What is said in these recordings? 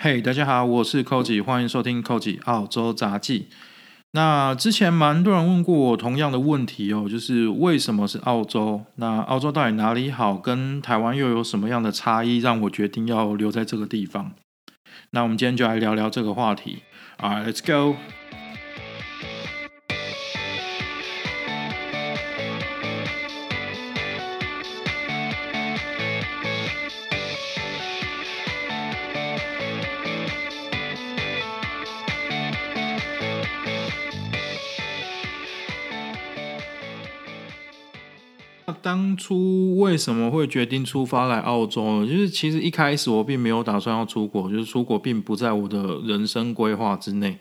嘿，hey, 大家好，我是 Koji，歡迎收聽 Koji 澳洲雜記。那之前蠻多人問過我同樣的問題哦，就是為什麼是澳洲？那澳洲到底哪裡好？跟台灣又有什麼樣的差異？讓我決定要留在這個地方？那我們今天就來聊聊這個話題。啊。let's go。出為什麼會決定出發來澳洲呢？就是其實一開始我並沒有打算要出國，就是出國並不在我的人生規劃之內。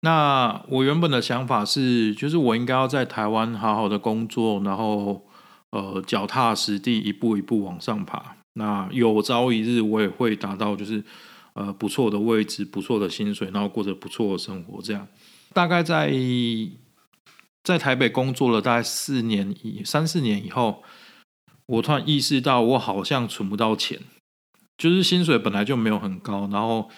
那我原本的想法是，就是我應該要在台灣好好的工作，然後呃腳踏實地一步一步往上爬。那有朝一日我也會達到，就是呃不錯的位置、不錯的薪水，然後過着不錯的生活。這樣大概在。在台北工作了大概四年以三四年以後，我突然意識到我好像存不到錢，就是薪水本來就沒有很高，然後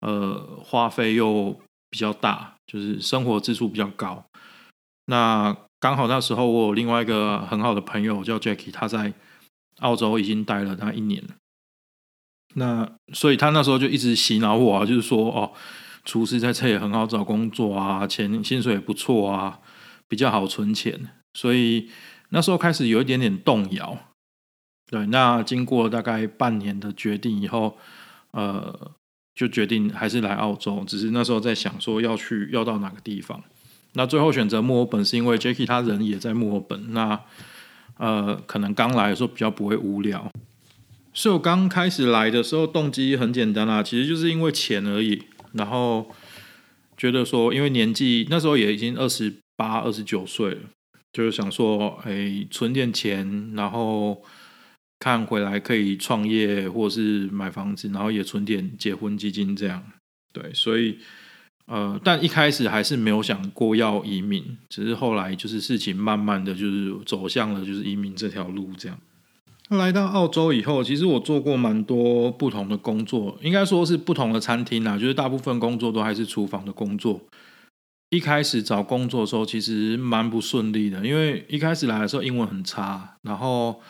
呃花費又比較大，就是生活支出比較高。那剛好那時候我有另外一個很好的朋友叫 Jackie，他在澳洲已經待了大概一年了，那所以他那時候就一直洗腦我，啊，就是說哦，廚師在這也很好找工作啊，錢薪水也不錯啊。比較好存錢，所以那時候開始有一點點動搖。對，那經過大概半年的決定以後，呃，就決定還是來澳洲，只是那時候在想說要去要到哪個地方。那最後選擇墨爾本是因為 Jackie 他人也在墨爾本，那呃，可能剛來的時候比較不會無聊。所以我剛開始來的時候動機很簡單啊，其實就是因為錢而已。然後覺得說因為年紀那時候也已經二十。八二十九歲，就是想說，哎、欸，存點錢，然後看回來可以創業，或是買房子，然後也存點結婚基金這樣。對，所以，呃，但一開始還是沒有想過要移民，只是後來就是事情慢慢的就是走向了就是移民這條路這樣。來到澳洲以後，其實我做過蠻多不同的工作，應該說是不同的餐廳啊，就是大部分工作都還是廚房的工作。一開始找工作的時候，其實蠻不順利的，因為一開始來的時候英文很差，然後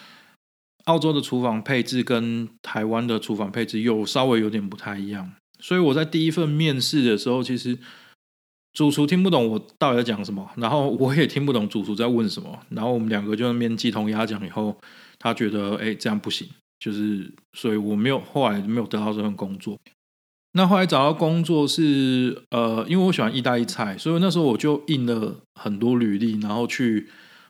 澳洲的廚房配置跟台灣的廚房配置又稍微有點不太一樣，所以我在第一份面試的時候，其實主廚聽不懂我到底在講什麼，然後我也聽不懂主廚在問什麼，然後我們兩個就那邊雞同鴨講以後，他覺得哎這樣不行，就是所以我沒有後來沒有得到這份工作。那後來找到工作是呃，因為我喜歡意大利菜，所以那時候我就印了很多履歷，然後去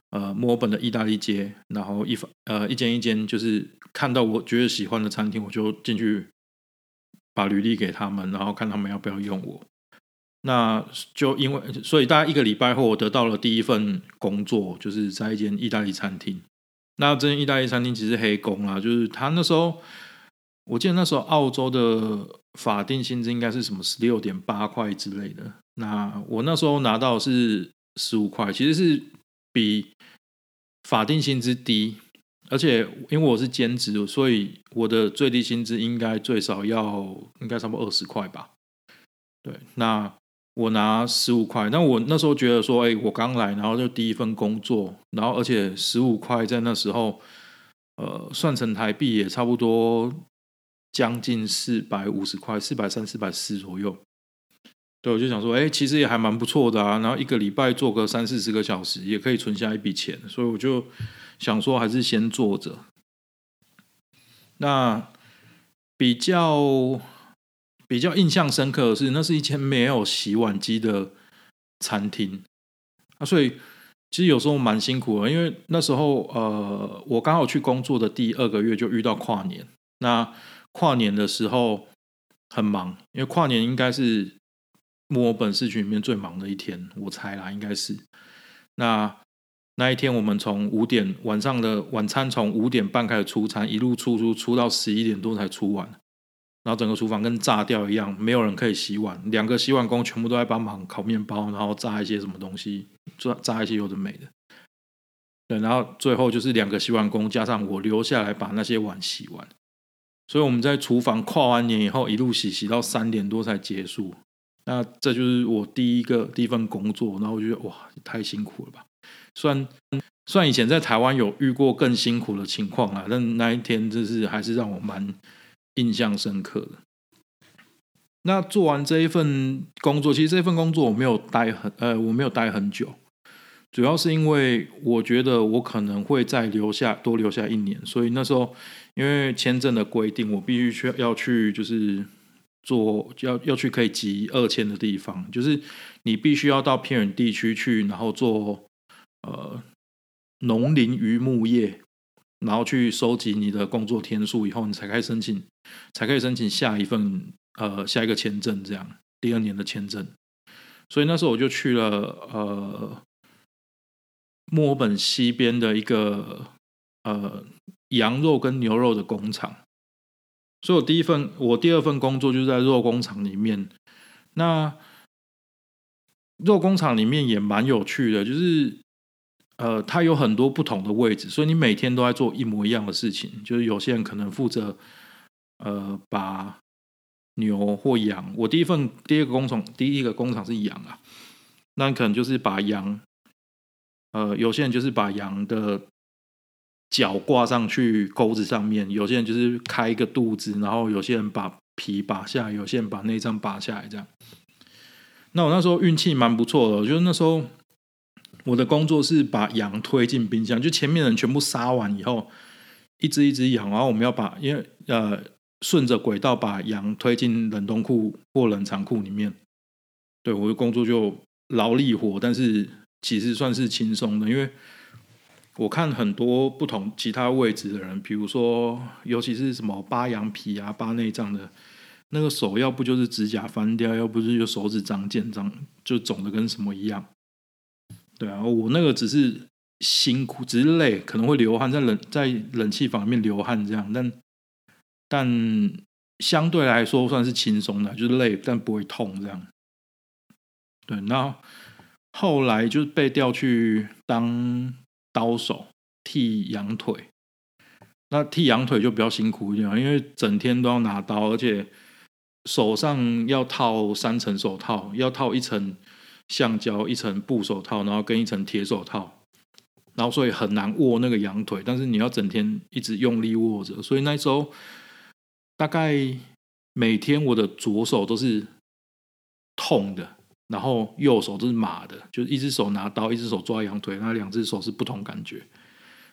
呃墨爾本的意大利街，然後一呃一間一間，就是看到我覺得喜歡的餐廳，我就進去把履歷給他們，然後看他們要不要用我。那就因為所以，大概一個禮拜後，我得到了第一份工作，就是在一間意大利餐廳。那這間意大利餐廳其實黑工啊，就是他那時候我記得那時候澳洲的。法定薪資應該是什麼十六點八塊之類的？那我那時候拿到是十五塊，其實是比法定薪資低。而且因為我是兼職，所以我的最低薪資應該最少要應該差不多二十塊吧？對，那我拿十五塊，那我那時候覺得說，哎、欸，我剛來，然後就第一份工作，然後而且十五塊在那時候，呃，算成台幣也差不多。將近四百五十塊，四百三、四百四左右。對，我就想說，哎，其實也還蠻不錯的啊。然後一個禮拜做個三四十個小時，也可以存下一筆錢。所以我就想說，還是先做着。那比較比較印象深刻的是，那是一間沒有洗碗機的餐廳啊。所以其實有時候蠻辛苦的，因為那時候呃，我剛好去工作的第二個月就遇到跨年那。跨年的時候很忙，因為跨年應該是墨爾本市區裡面最忙的一天，我猜啦，應該是。那那一天我們從五點晚上的晚餐從五點半開始出餐，一路出出出到十一點多才出完，然後整個廚房跟炸掉一樣，沒有人可以洗碗，兩個洗碗工全部都在幫忙烤麵包，然後炸一些什麼東西，炸炸一些有的沒的，對，然後最後就是兩個洗碗工加上我留下來把那些碗洗完。所以我們在廚房跨完年以後，一路洗洗到三點多才結束。那這就是我第一個第一份工作，然後我覺得哇，太辛苦了吧！雖然雖然以前在台灣有遇過更辛苦的情況啊，但那一天就是還是讓我蠻印象深刻的。那做完這一份工作，其實這一份工作我沒有待很，呃，我沒有待很久。主要是因為我覺得我可能會再留下多留下一年，所以那時候因為簽證的規定，我必須去要去就是做要要去可以集二簽的地方，就是你必須要到偏遠地區去，然後做呃農林漁牧業，然後去收集你的工作天數，以後你才可以申請，才可以申請下一份呃下一個簽證這樣第二年的簽證。所以那時候我就去了呃。墨本爾西邊的一個呃羊肉跟牛肉的工廠，所以我第一份我第二份工作就是在肉工廠裡面。那肉工廠裡面也蠻有趣的，就是呃，它有很多不同的位置，所以你每天都在做一模一樣的事情。就是有些人可能負責呃把牛或羊，我第一份第一個工廠第一個工廠是羊啊，那可能就是把羊。呃，有些人就是把羊的腳掛上去鈎子上面，有些人就是開一個肚子，然後有些人把皮拔下來，有些人把內臟拔下來，這樣。那我那時候運氣蠻不錯的，就是那時候我的工作是把羊推進冰箱，就前面的人全部殺完以後，一隻一隻羊，然後我們要把，因為呃順着軌道把羊推進冷凍庫或冷藏庫裡面，對我的工作就勞力活，但是。其實算是輕鬆的，因為我看很多不同其他位置的人，比如說，尤其是什麼扒羊皮啊、扒內臟的，那個手要不就是指甲翻掉，要不就是手指長、繭長就腫得跟什麼一樣。對啊，我那個只是辛苦，只是累，可能會流汗，在冷在冷氣房裡面流汗這樣，但但相對來說算是輕鬆的，就是累但不會痛這樣。對，那。後來就被調去當刀手，剃羊腿。那剃羊腿就比較辛苦一點，因為整天都要拿刀，而且手上要套三層手套，要套一層橡膠、一層布手套，然後跟一層鐵手套。然後所以很難握那個羊腿，但是你要整天一直用力握着，所以那時候大概每天我的左手都是痛的。然後右手都是麻的，就是一隻手拿刀，一隻手抓羊腿，那兩隻手是不同感覺。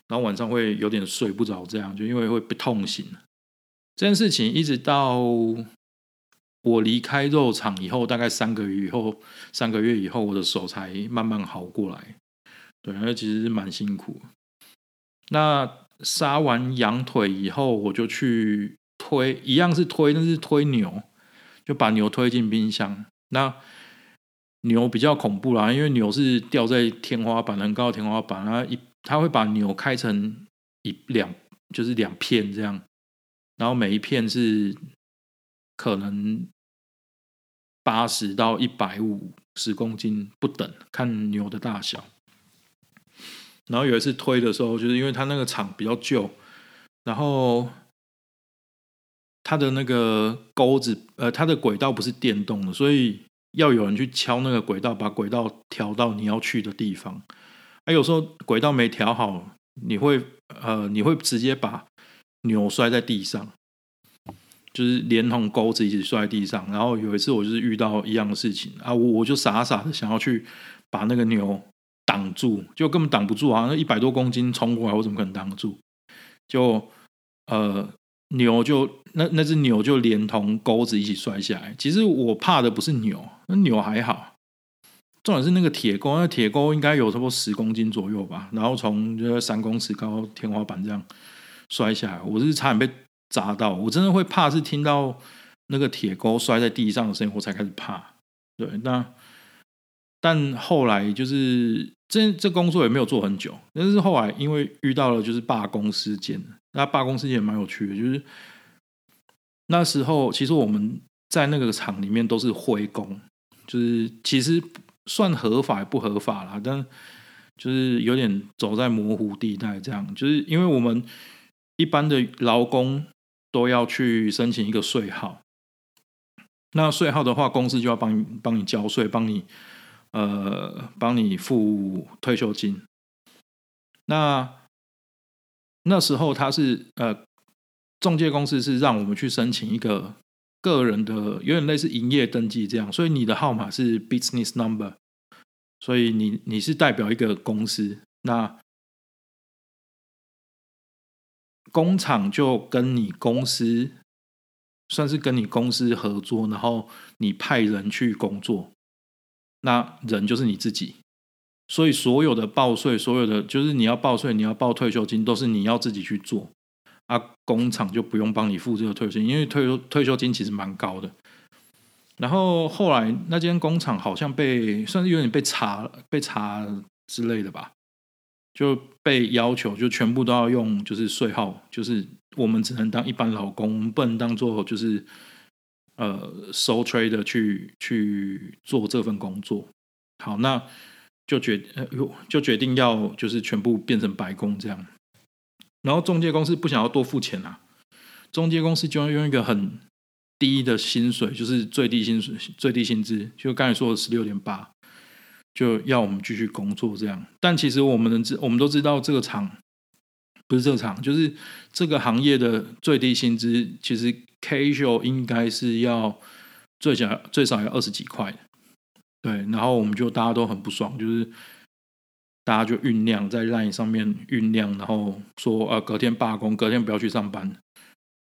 然後晚上會有點睡不着，這樣就因為會被痛醒。這件事情一直到我離開肉廠以後，大概三個月以後，三個月以後我的手才慢慢好過來。對，那其實是蠻辛苦。那殺完羊腿以後，我就去推，一樣是推，但是推牛，就把牛推進冰箱。那牛比較恐怖啦，因為牛是吊在天花板，人高的天花板，它一，它會把牛開成一兩，就是兩片這樣，然後每一片是可能八十到一百五十公斤不等，看牛的大小。然後有一次推的時候，就是因為他那個廠比較舊，然後他的那個鈎子呃，他的軌道不是電動的，所以。要有人去敲那個軌道，把軌道調到你要去的地方。啊，有時候軌道沒調好，你會呃，你會直接把牛摔在地上，就是連同鈎子一起摔在地上。然後有一次我就是遇到一樣的事情啊，我我就傻傻的想要去把那個牛擋住，就根本擋不住啊，那一百多公斤衝過來，我怎麼可能擋得住？就呃。牛就那那隻牛就連同鈎子一起摔下來。其實我怕的不是牛，那牛還好，重點是那個鐵鈎。那鐵鉤應該有差不多十公斤左右吧，然後從三公尺高天花板這樣摔下來，我是差點被砸到。我真的會怕，是聽到那個鐵鈎摔在地上的聲音，我才開始怕。對，那但後來就是這這工作也沒有做很久，但是後來因為遇到了就是罷工事件。那罷工事件也蠻有趣的，就是那時候，其實我們在那個廠裡面都是灰工，就是其實算合法不合法啦，但就是有點走在模糊地帶。這樣，就是因為我們一般的勞工都要去申請一個稅號，那稅號的話，公司就要幫你幫你交稅，幫你呃，幫你付退休金。那。那時候他是呃，中介公司是讓我們去申請一個個人的，有點類似營業登記這樣，所以你的號碼是 business number，所以你你是代表一個公司，那工廠就跟你公司算是跟你公司合作，然後你派人去工作，那人就是你自己。所以所有的報稅，所有的就是你要報稅，你要報退休金，都是你要自己去做，啊，工廠就不用幫你付這個退休金，因為退休退休金其實蠻高的。然後後來那間工廠好像被算是有點被查被查之類的吧，就被要求就全部都要用就是稅號，就是我們只能當一般勞工，不能當做就是呃 sole trader 去去做這份工作。好，那。就決，就決定要就是全部變成白工這樣，然後中介公司不想要多付錢啊，中介公司就要用一個很低的薪水，就是最低薪水、最低薪資，就剛才說的十六點八，就要我們繼續工作這樣。但其實我們能知，我們都知道這個廠不是這個廠，就是這個行業的最低薪資，其實 casual 應該是要最小最少要二十幾塊的。對，然後我們就大家都很不爽，就是大家就醞釀在 LINE 上面醞釀，然後說呃、啊、隔天罷工，隔天不要去上班，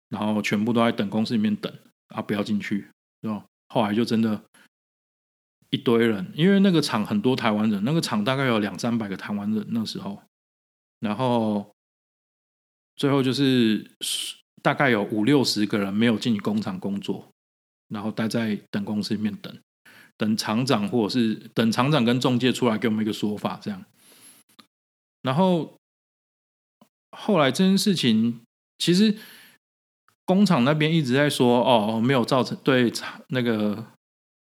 然後全部都在等公司裡面等啊，不要進去，是吧？後來就真的，一堆人，因為那個廠很多台灣人，那個廠大概有兩三百個台灣人那時候，然後最後就是大概有五六十個人沒有進工廠工作，然後待在等公司裡面等，等廠長或者是等廠長跟中介出來給我們一個說法，這樣。然後後來這件事情，其實工廠那邊一直在說，哦，沒有造成，對，那個，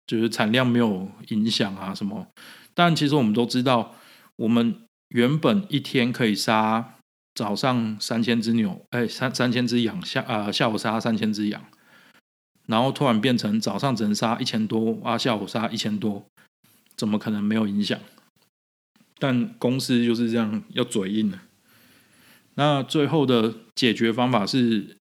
就是產量沒有影響啊什麼。但其實我們都知道，我們原本一天可以殺早上三千隻牛，哎，三三千隻羊下，啊、呃、下午殺三千隻羊。然後突然變成早上只能殺一千多，啊，下午殺一千多，怎麼可能沒有影響？但公司就是這樣要嘴硬的。那最後的解決方法是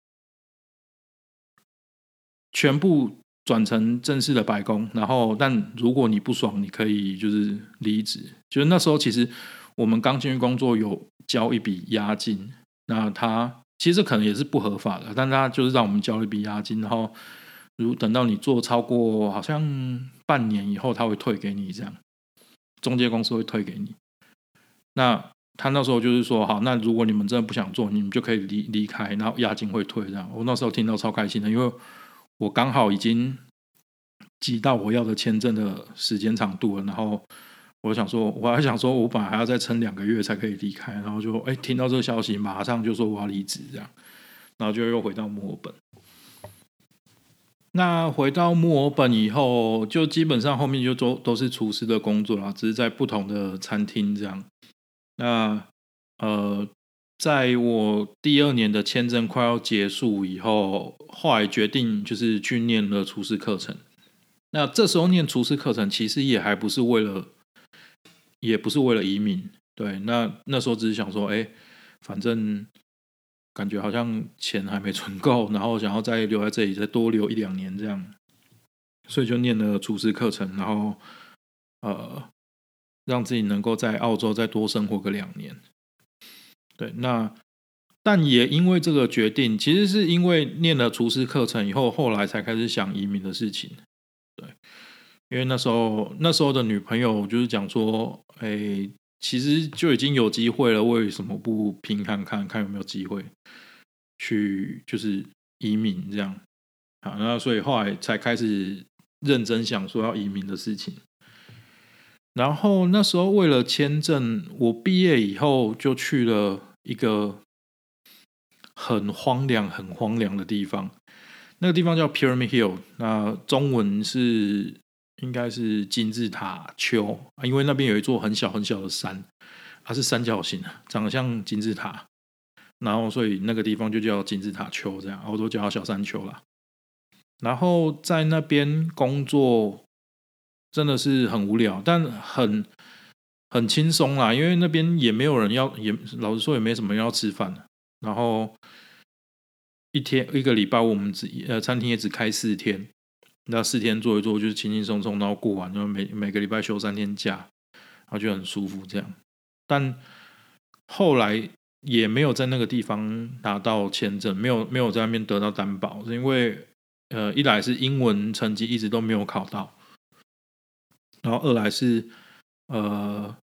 全部轉成正式的白工，然後但如果你不爽，你可以就是離職。就是那時候其實我們剛進去工作，有交一筆押金，那他其實可能也是不合法的，但他就是讓我們交一筆押金，然後。如等到你做超過好像半年以後，他會退給你這樣，中介公司會退給你。那他那時候就是說，好，那如果你們真的不想做，你們就可以離離開，然後押金會退這樣。我那時候聽到超開心的，因為我剛好已經，擠到我要的簽證的時間長度了。然後我想說，我還想說，我反而還要再撐兩個月才可以離開。然後就哎，聽到這個消息，馬上就說我要離職這樣，然後就又回到墨爾本。那回到墨爾本以後，就基本上後面就都都是廚師的工作啦，只是在不同的餐廳這樣。那呃，在我第二年的簽證快要結束以後，後來決定就是去念了廚師課程。那這時候念廚師課程其實也還不是為了，也不是為了移民，對。那那時候只是想說，哎，反正。感覺好像錢還沒存夠，然後想要再留在這裡再多留一兩年這樣，所以就念了廚師課程，然後呃，讓自己能夠在澳洲再多生活個兩年。對，那但也因為這個決定，其實是因為念了廚師課程以後，後來才開始想移民的事情。對，因為那時候那時候的女朋友就是講說，誒……其實就已經有機會了，為什麼不拼看看，看看有沒有機會去就是移民這樣？然後所以後來才開始認真想說要移民的事情。然後那時候為了簽證，我畢業以後就去了一個很荒涼、很荒涼的地方，那個地方叫 Pyramid Hill，那中文是。應該是金字塔丘啊，因為那邊有一座很小很小的山，它是三角形的，長得像金字塔，然後所以那個地方就叫金字塔丘，這樣，我都叫小山丘啦。然後在那邊工作真的是很無聊，但很很輕鬆啦，因為那邊也沒有人要，也老實說也沒什麼要吃飯的。然後一天一個禮拜，我們只呃餐廳也只開四天。那四天做一做，就是輕輕鬆鬆，然後過完，然後每每個禮拜休三天假，然後就很舒服這樣。但後來也沒有在那個地方拿到簽證，沒有沒有在那邊得到擔保，是因為呃，一來是英文成績一直都沒有考到，然後二來是呃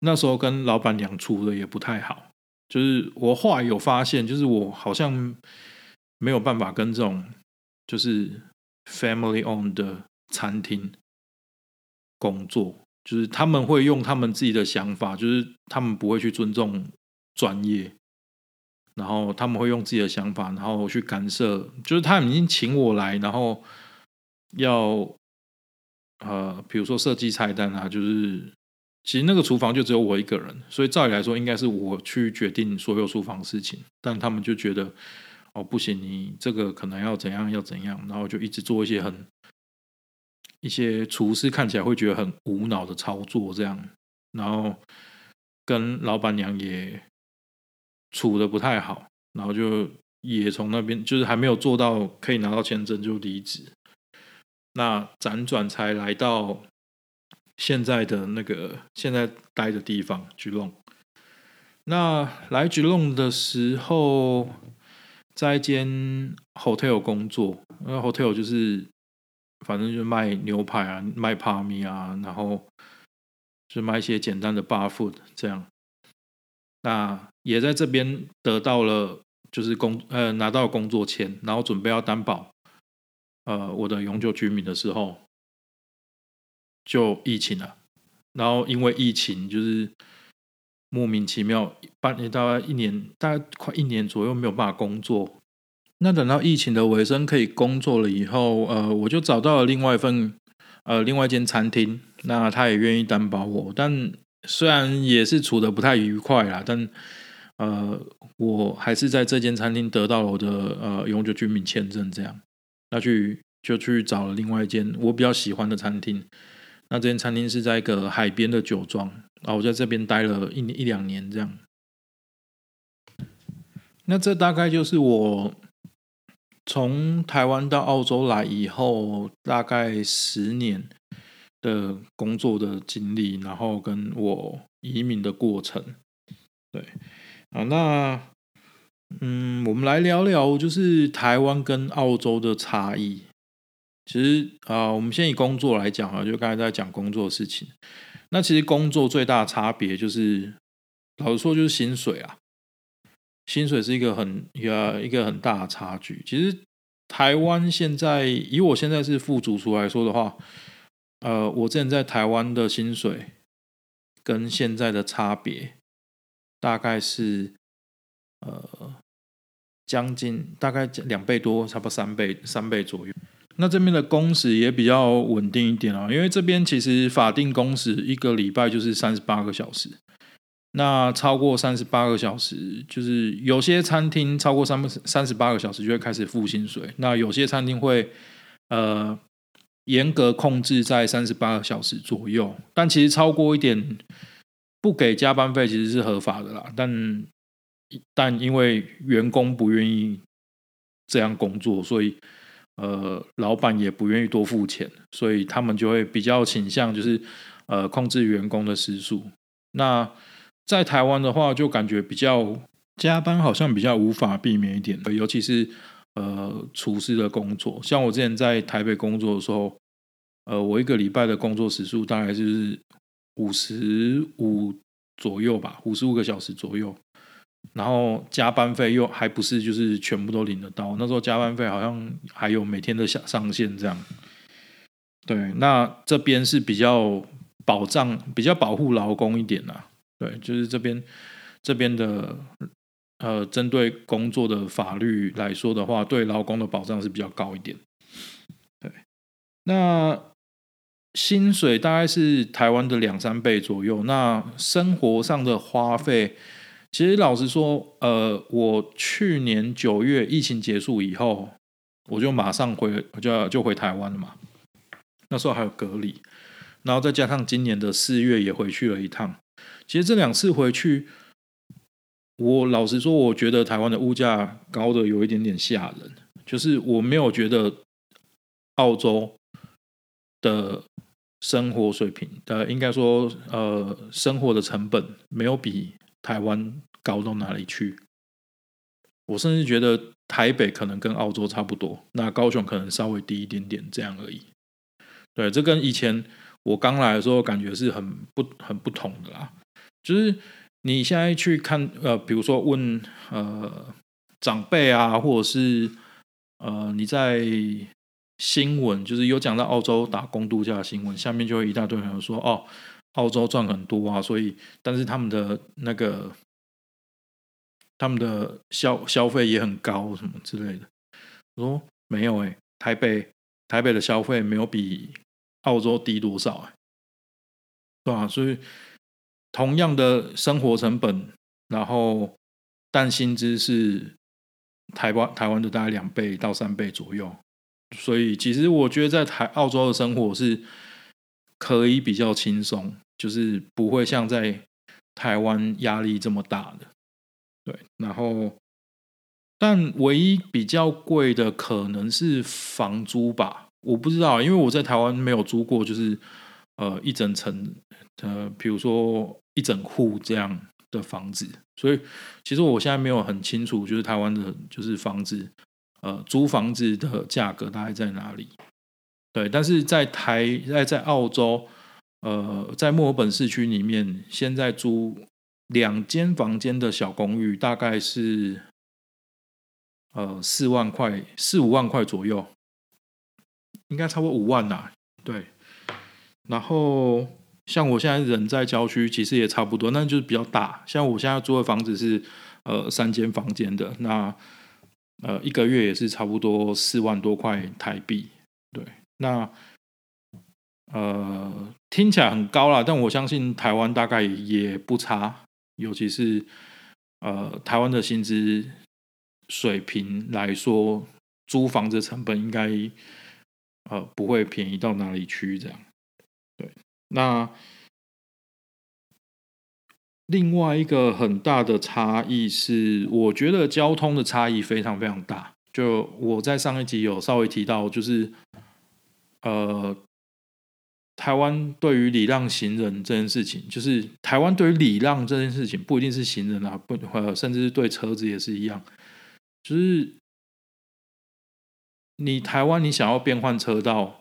那時候跟老板娘處的也不太好，就是我後來有發現，就是我好像沒有辦法跟這種就是。Family-owned 的餐廳工作，就是他們會用他們自己的想法，就是他們不會去尊重專業，然後他們會用自己的想法，然後去干涉，就是他們已經請我來，然後要呃，比如說設計菜單啊，就是其實那個廚房就只有我一個人，所以照理來說應該是我去決定所有廚房事情，但他們就覺得。哦，不行，你這個可能要怎樣要怎樣，然後就一直做一些很一些廚師看起來會覺得很無腦的操作，這樣，然後跟老板娘也處得不太好，然後就也從那邊就是還沒有做到可以拿到簽證就離職，那輾轉才來到現在的那個現在待的地方 Geelong，那來 Geelong 的時候。在一間 hotel 工作，那 hotel 就是反正就賣牛排啊，賣帕米啊，然後就賣一些簡單的 bar food 這樣。那也在這邊得到了就是工呃拿到工作簽，然後準備要擔保呃我的永久居民的時候，就疫情了，然後因為疫情就是。莫名其妙，半年大概一年，大概快一年左右沒有辦法工作。那等到疫情的尾聲可以工作了以後，呃，我就找到了另外一份，呃，另外一間餐廳。那他也願意擔保我，但雖然也是處得不太愉快啦，但呃，我還是在這間餐廳得到了我的呃永久居民簽證。這樣，那去就去找了另外一間我比較喜歡的餐廳。那這間餐廳是在一個海邊的酒莊。啊，我在這邊待了一一兩年這樣。那這大概就是我從台灣到澳洲來以後，大概十年的工作的經歷，然後跟我移民的過程。對，啊，那嗯，我們來聊聊就是台灣跟澳洲的差異。其實啊，我們先以工作來講啊，就剛才在講工作的事情。那其實工作最大的差別就是，老實說就是薪水啊，薪水是一個很一個一個很大的差距。其實台灣現在以我現在是副主廚來說的話，呃，我之前在台灣的薪水跟現在的差別大概是呃將近大概兩倍多，差不多三倍三倍左右。那這邊的工時也比較穩定一點啊，因為這邊其實法定工時一個禮拜就是三十八個小時，那超過三十八個小時，就是有些餐廳超過三三十八個小時就會開始付薪水，那有些餐廳會呃嚴格控制在三十八個小時左右，但其實超過一點不給加班費其實是合法的啦，但但因為員工不願意這樣工作，所以。呃，老闆也不願意多付錢，所以他們就會比較傾向就是，呃，控制員工的時數。那在台灣的話，就感覺比較加班好像比較無法避免一點，尤其是呃廚師的工作。像我之前在台北工作的時候，呃，我一個禮拜的工作時數大概就是五十五左右吧，五十五個小時左右。然後加班費又還不是就是全部都領得到，那時候加班費好像還有每天的上限這樣。對，那這邊是比較保障，比較保護勞工一點啊。對，就是這邊這邊的呃，針對工作的法律來說的話，對勞工的保障是比較高一點。對，那薪水大概是台灣的兩三倍左右。那生活上的花費。其實老實說，呃，我去年九月疫情結束以後，我就馬上回，我就就回台灣了嘛。那時候還有隔離，然後再加上今年的四月也回去了一趟。其實這兩次回去，我老實說，我覺得台灣的物價高得有一點點嚇人，就是我沒有覺得澳洲的生活水平，呃，應該說，呃，生活的成本沒有比。台灣高到哪裡去？我甚至覺得台北可能跟澳洲差不多，那高雄可能稍微低一點點這樣而已。對，這跟以前我剛來的時候感覺是很不很不同的啦。就是你現在去看，呃，比如說問，呃，長輩啊，或者是，呃，你在新聞，就是有講到澳洲打工度假的新聞，下面就會一大堆人說，哦。澳洲賺很多啊，所以但是他們的那個他們的消消費也很高，什麼之類的。我說沒有哎、欸，台北台北的消費沒有比澳洲低多少欸，是吧？所以同樣的生活成本，然後但薪資是台灣台灣的大概兩倍到三倍左右。所以其實我覺得在台澳洲的生活是。可以比較輕鬆，就是不會像在台灣壓力這麼大的，對。然後，但唯一比較貴的可能是房租吧，我不知道，因為我在台灣沒有租過，就是呃一整層，呃比如說一整戶這樣的房子，所以其實我現在沒有很清楚，就是台灣的，就是房子，呃租房子的價格大概在哪裡。對，但是在台在在澳洲，呃，在墨爾本市區裡面，現在租兩間房間的小公寓，大概是呃四萬塊，四五萬塊左右，應該差不多五萬啦。對，然後像我現在人在郊區，其實也差不多，那就是比較大。像我現在租的房子是呃三間房間的，那呃一個月也是差不多四萬多塊台幣，對。那，呃，聽起來很高啦。但我相信台灣大概也不差，尤其是呃，台灣的薪資水平來說，租房子成本應該呃不會便宜到哪裡去。這樣，對。那另外一個很大的差異是，我覺得交通的差異非常非常大。就我在上一集有稍微提到，就是。呃，台灣對於禮讓行人這件事情，就是台灣對於禮讓這件事情，不一定是行人啊，不，呃，甚至是對車子也是一樣，就是你台灣你想要變換車道，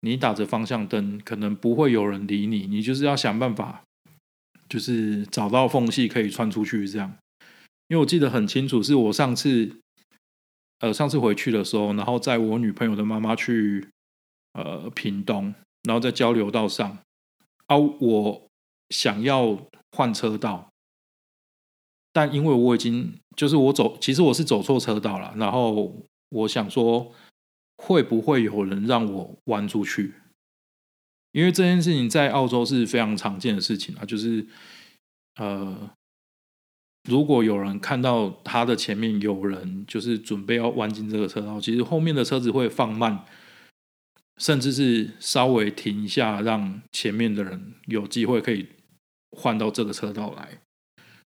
你打着方向燈，可能不會有人理你，你就是要想辦法，就是找到縫隙可以穿出去這樣。因為我記得很清楚，是我上次，呃，上次回去的時候，然後載我女朋友的媽媽去。呃，屏東，然後在交流道上，啊，我想要換車道，但因為我已經就是我走，其實我是走錯車道了。然後我想說，會不會有人讓我彎出去？因為這件事情在澳洲是非常常見的事情啊，就是呃，如果有人看到他的前面有人就是準備要彎進這個車道，其實後面的車子會放慢。甚至是稍微停一下，讓前面的人有機會可以換到這個車道來。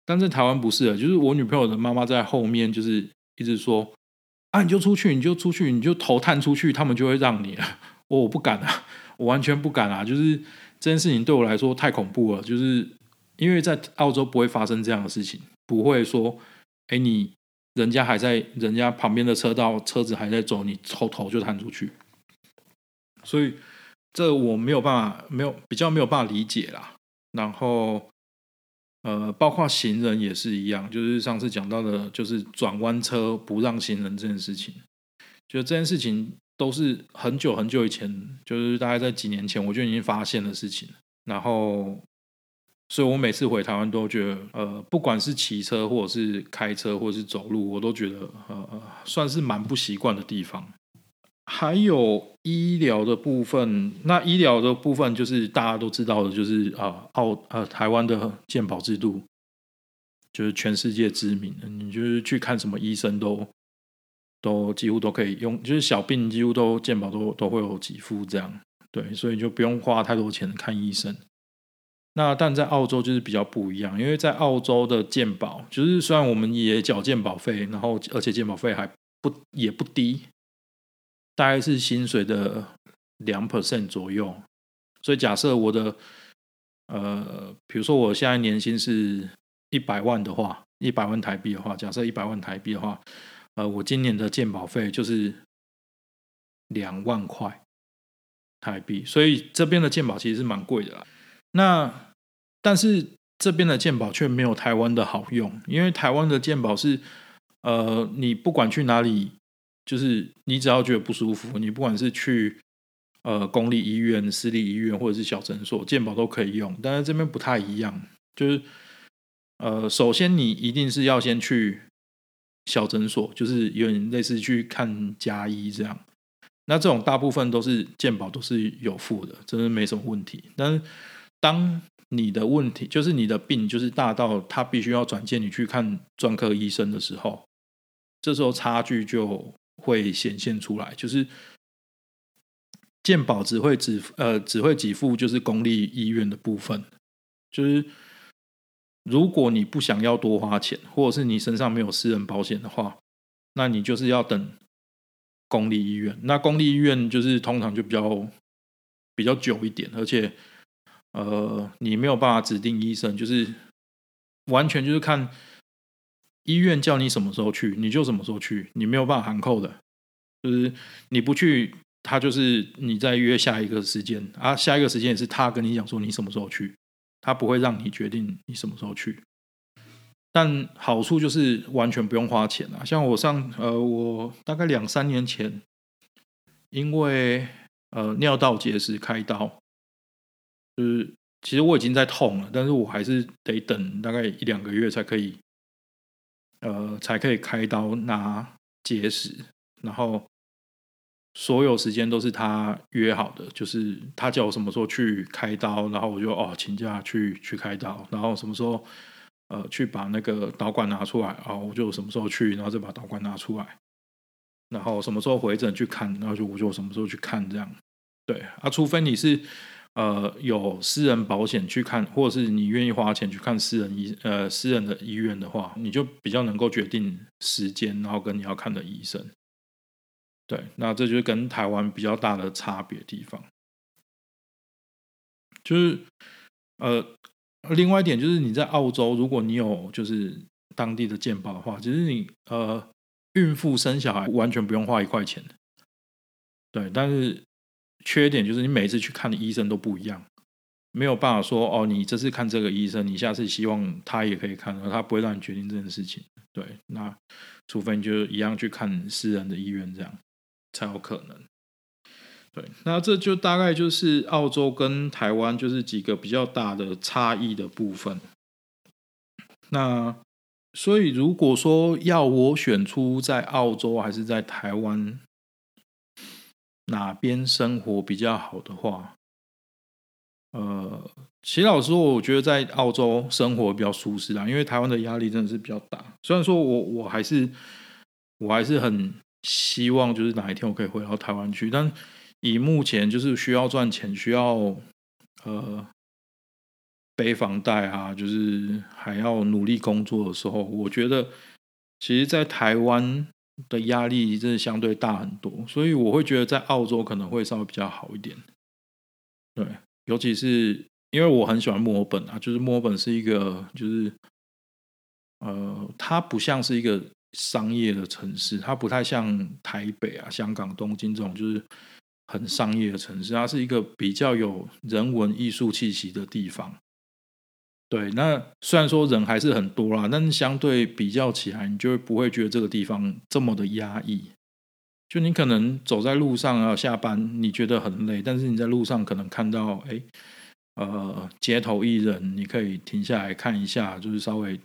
但在台灣不是的，就是我女朋友的媽媽在後面，就是一直說：“啊，你就出去，你就出去，你就頭探出去，他們就會讓你了。”哦，我不敢啊，我完全不敢啊！就是這件事情對我來說太恐怖了。就是因為在澳洲不會發生這樣的事情，不會說：“哎，你人家還在，人家旁邊的車道車子還在走，你從頭，頭就探出去。”所以這我沒有辦法，沒有比較沒有辦法理解啦。然後，呃，包括行人也是一樣，就是上次講到的，就是轉彎車不讓行人這件事情，就這件事情都是很久很久以前，就是大概在幾年前，我就已經發現的事情。然後，所以我每次回台灣都覺得，呃，不管是騎車或者是開車或者是走路，我都覺得呃算是蠻不習慣的地方。還有醫療的部分，那醫療的部分就是大家都知道的，就是啊、呃，澳、呃台灣的健保制度就是全世界知名，你就是去看什麼醫生都都幾乎都可以用，就是小病幾乎都健保都都會有給付這樣，對，所以就不用花太多錢看醫生。那但在澳洲就是比較不一樣，因為在澳洲的健保，就是雖然我們也繳健保費，然後而且健保費還不也不低。大概是薪水的兩 percent 左右，所以假設我的呃，比如說我現在年薪是一百萬的話，一百萬台幣的話，假設一百萬台幣的話，呃，我今年的健保費就是兩萬塊台幣，所以這邊的健保其實是蠻貴的啦。那但是這邊的健保卻沒有台灣的好用，因為台灣的健保是呃，你不管去哪裡。就是你只要覺得不舒服，你不管是去呃公立醫院、私立醫院或者是小診所，健保都可以用。但是這邊不太一樣，就是呃，首先你一定是要先去小診所，就是有點類似去看家醫這樣。那這種大部分都是健保都是有付的，真的沒什麼問題。但是當你的問題就是你的病就是大到他必須要轉介你去看專科醫生的時候，這時候差距就。會顯現出來，就是健保只會只呃只會給付，就是公立醫院的部分，就是如果你不想要多花錢，或者是你身上沒有私人保險的話，那你就是要等公立醫院。那公立醫院就是通常就比較比較久一點，而且呃你沒有辦法指定醫生，就是完全就是看。醫院叫你什麼時候去，你就什麼時候去，你沒有辦法喊卡的，就是你不去，他就是你再約下一個時間啊，下一個時間也是他跟你講說你什麼時候去，他不會讓你決定你什麼時候去。但好處就是完全不用花錢啊，像我上呃，我大概兩三年前，因為呃尿道結石開刀，就是其實我已經在痛了，但是我還是得等大概一兩個月才可以。呃，才可以開刀拿結石，然後所有時間都是他約好的，就是他叫我什麼時候去開刀，然後我就哦請假去去開刀，然後什麼時候呃去把那個導管拿出來，然後，哦，我就什麼時候去，然後再把導管拿出來，然後什麼時候回診去看，然後就我就什麼時候去看這樣。對啊，除非你是。呃，有私人保險去看，或者是你願意花錢去看私人醫呃私人的醫院的話，你就比較能夠決定時間，然後跟你要看的醫生。對，那這就是跟台灣比較大的差別地方。就是，呃，另外一點就是你在澳洲，如果你有就是當地的健保的話，其實你呃孕婦生小孩完全不用花一塊錢。對，但是。缺點就是你每次去看的醫生都不一樣，沒有辦法說哦，你這次看這個醫生，你下次希望他也可以看到，他不會讓你決定這件事情。對，那除非你就一樣去看私人的醫院，這樣才有可能。對，那這就大概就是澳洲跟台灣就是幾個比較大的差異的部分。那所以如果說要我選出在澳洲還是在台灣，哪邊生活比較好的話，呃，其實老實說，我覺得在澳洲生活比較舒適啦，因為台灣的壓力真的是比較大。雖然說我我還是我還是很希望就是哪一天我可以回到台灣去，但以目前就是需要賺錢，需要呃背房貸啊，就是還要努力工作的時候，我覺得其實在台灣的壓力真的相對大很多，所以我會覺得在澳洲可能會稍微比較好一點。對，尤其是因為我很喜歡墨爾本啊，就是墨爾本是一個，就是，呃，它不像是一個商業的城市，它不太像台北啊、香港、東京這種就是很商業的城市，它是一個比較有人文藝術氣息的地方。對，那雖然說人還是很多啦，但是相對比較起來，你就不會覺得這個地方這麼的壓抑。就你可能走在路上啊，然後下班你覺得很累，但是你在路上可能看到，誒，呃，街頭藝人，你可以停下來看一下，就是稍微，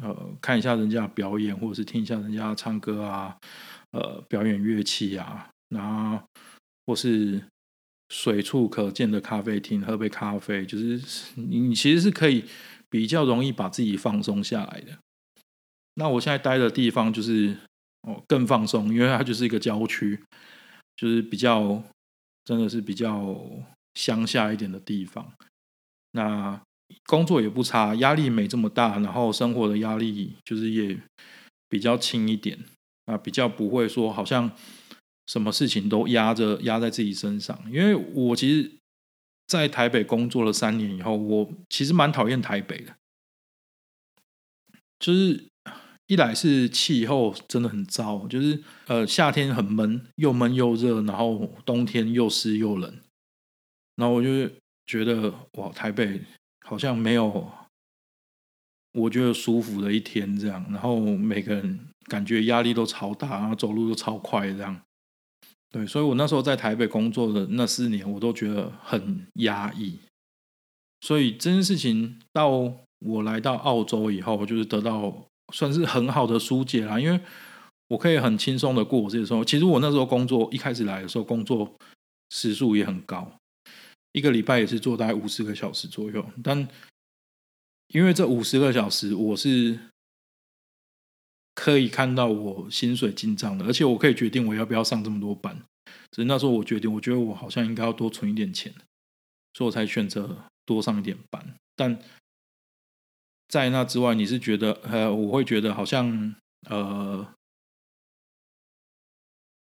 呃，看一下人家表演，或者是聽一下人家唱歌啊，呃，表演樂器啊，然後或是。隨處可見的咖啡廳，喝杯咖啡，就是你其實是可以比較容易把自己放鬆下來的。那我現在待的地方就是哦，更放鬆，因為它就是一個郊區，就是比較真的是比較鄉下一點的地方。那工作也不差，壓力沒這麼大，然後生活的壓力就是也比較輕一點，啊，比較不會說好像。什麼事情都壓着壓在自己身上，因為我其實，在台北工作了三年以後，我其實蠻討厭台北的，就是一來是氣候真的很糟，就是呃夏天很悶，又悶又熱，然後冬天又濕又冷，然後我就覺得哇，台北好像沒有我覺得舒服的一天這樣，然後每個人感覺壓力都超大，然後走路都超快這樣。對，所以我那時候在台北工作的那四年，我都覺得很壓抑。所以這件事情到我來到澳洲以後，就是得到算是很好的疏解啦，因為我可以很輕鬆的過這些時候。其實我那時候工作一開始來的時候，工作時數也很高，一個禮拜也是做大概五十個小時左右。但因為這五十個小時，我是。可以看到我薪水進賬的，而且我可以決定我要不要上這麼多班。只是那時候我決定，我覺得我好像應該要多存一點錢，所以我才選擇多上一點班。但在那之外，你是覺得呃，我會覺得好像呃，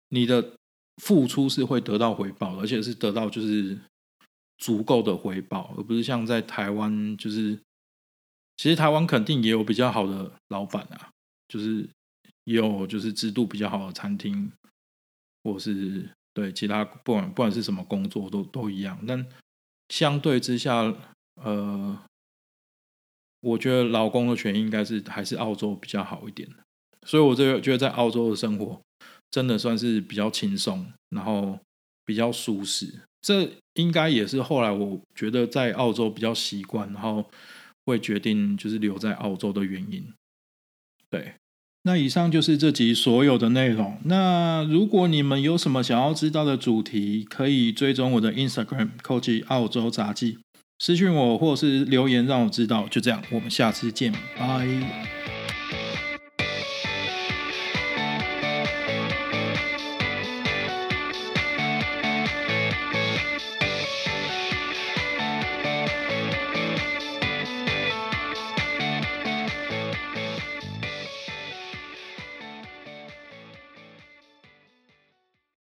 你的付出是會得到回報的，而且是得到就是足夠的回報，而不是像在台灣，就是其實台灣肯定也有比較好的老闆啊。就是也有，就是制度比較好的餐廳，或是對其他不管不管是什麼工作都都一樣。但相對之下，呃，我覺得勞工的權益應該是還是澳洲比較好一點。所以我這個覺得在澳洲的生活真的算是比較輕鬆，然後比較舒適。這應該也是後來我覺得在澳洲比較習慣，然後會決定就是留在澳洲的原因。對，那以上就是這集所有的內容。那如果你們有什麼想要知道的主題，可以追蹤我的 Instagram Coach 澳洲雜記，私訊我或是留言讓我知道。就這樣，我們下次見，拜。